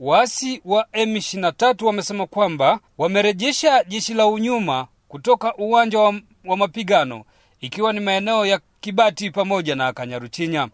waasi wa M23 wamesema kwamba wamerejesha jeshi la unyuma kutoka uwanja wa, wa mapigano ikiwa ni maeneo ya Kibati pamoja na Kanyaruchinya.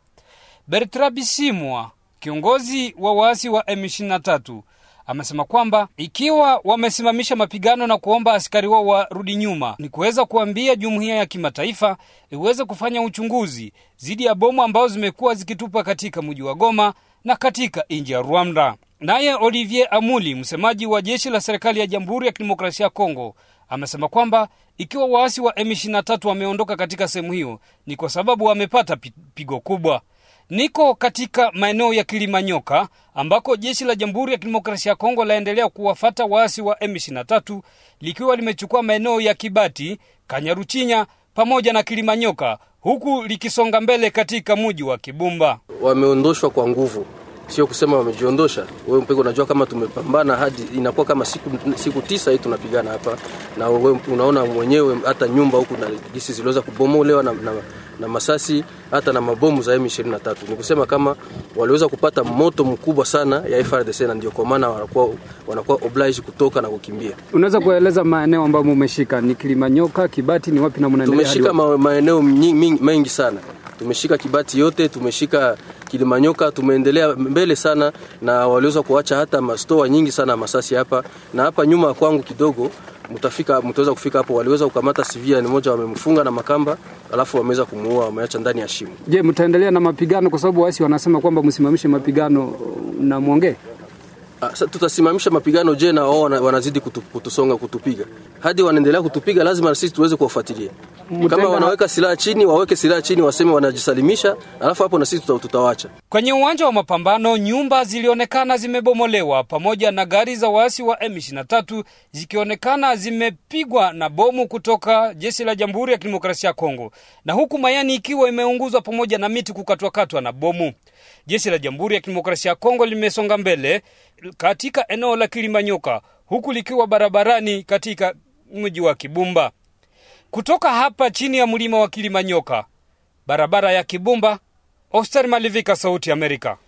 Bertra Bisimwa, kiongozi wa waasi wa M23, amesema kwamba ikiwa wamesimamisha mapigano na kuomba askari wao warudi nyuma, ni kuweza kuambia jumuiya ya kimataifa iweze kufanya uchunguzi dhidi ya bomu ambazo zimekuwa zikitupwa katika mji wa Goma na katika nchi ya Rwanda. Naye Olivier Amuli, msemaji wa jeshi la serikali ya Jamhuri ya Kidemokrasia ya Kongo, amesema kwamba ikiwa waasi wa M23 wameondoka katika sehemu hiyo ni kwa sababu wamepata pigo kubwa. Niko katika maeneo ya Kilimanyoka ambako jeshi la Jamhuri ya Kidemokrasia ya Kongo laendelea kuwafata waasi wa M23 likiwa limechukua maeneo ya Kibati, Kanyaruchinya pamoja na Kilimanyoka huku likisonga mbele katika muji wa Kibumba. Wameondoshwa kwa nguvu sio kusema wamejiondosha. Wewe mpeko unajua kama tumepambana hadi inakuwa kama siku, siku tisa hii tunapigana hapa, na wewe unaona mwenyewe hata nyumba huku na jinsi ziliweza kubomolewa na, na, na masasi hata na mabomu za M23. Ni kusema kama waliweza kupata moto mkubwa sana ya FRDC na ndio kwa maana wanakuwa, wanakuwa obliged kutoka na kukimbia. Unaweza kueleza maeneo ambayo mumeshika ni Kilimanyoka, Kibati, ni wapi na mnaendelea? Tumeshika ma, maeneo mengi sana tumeshika Kibati yote, tumeshika Kilimanyoka, tumeendelea mbele sana, na waliweza kuacha hata mastoa nyingi sana masasi hapa na hapa nyuma kwangu kidogo mtafika mtaweza kufika hapo. Waliweza kukamata ni mmoja, wamemfunga na makamba, alafu wameweza kumuua, wameacha ndani ya shimo. Je, mtaendelea na mapigano? Kwa sababu waasi wanasema kwamba msimamishe mapigano na muongee Ah, tutasimamisha mapigano je, na wao wanazidi kutu, kutusonga kutupiga, hadi wanaendelea kutupiga, lazima sisi tuweze kuwafuatilia. Kama wanaweka silaha chini, waweke silaha chini, waseme wanajisalimisha, alafu hapo na sisi tutawacha. Kwenye uwanja wa mapambano, nyumba zilionekana zimebomolewa pamoja na gari za waasi wa M23 zikionekana zimepigwa na bomu kutoka jeshi la Jamhuri ya Kidemokrasia ya Kongo, na huku mayani ikiwa imeunguzwa pamoja na miti kukatwakatwa na bomu. Jeshi la Jamhuri ya Kidemokrasia ya Kongo limesonga mbele katika eneo la Kilimanyoka huku likiwa barabarani katika mji wa Kibumba. Kutoka hapa chini ya mlima wa Kilimanyoka, barabara ya Kibumba, Oster Malivika, Sauti Amerika.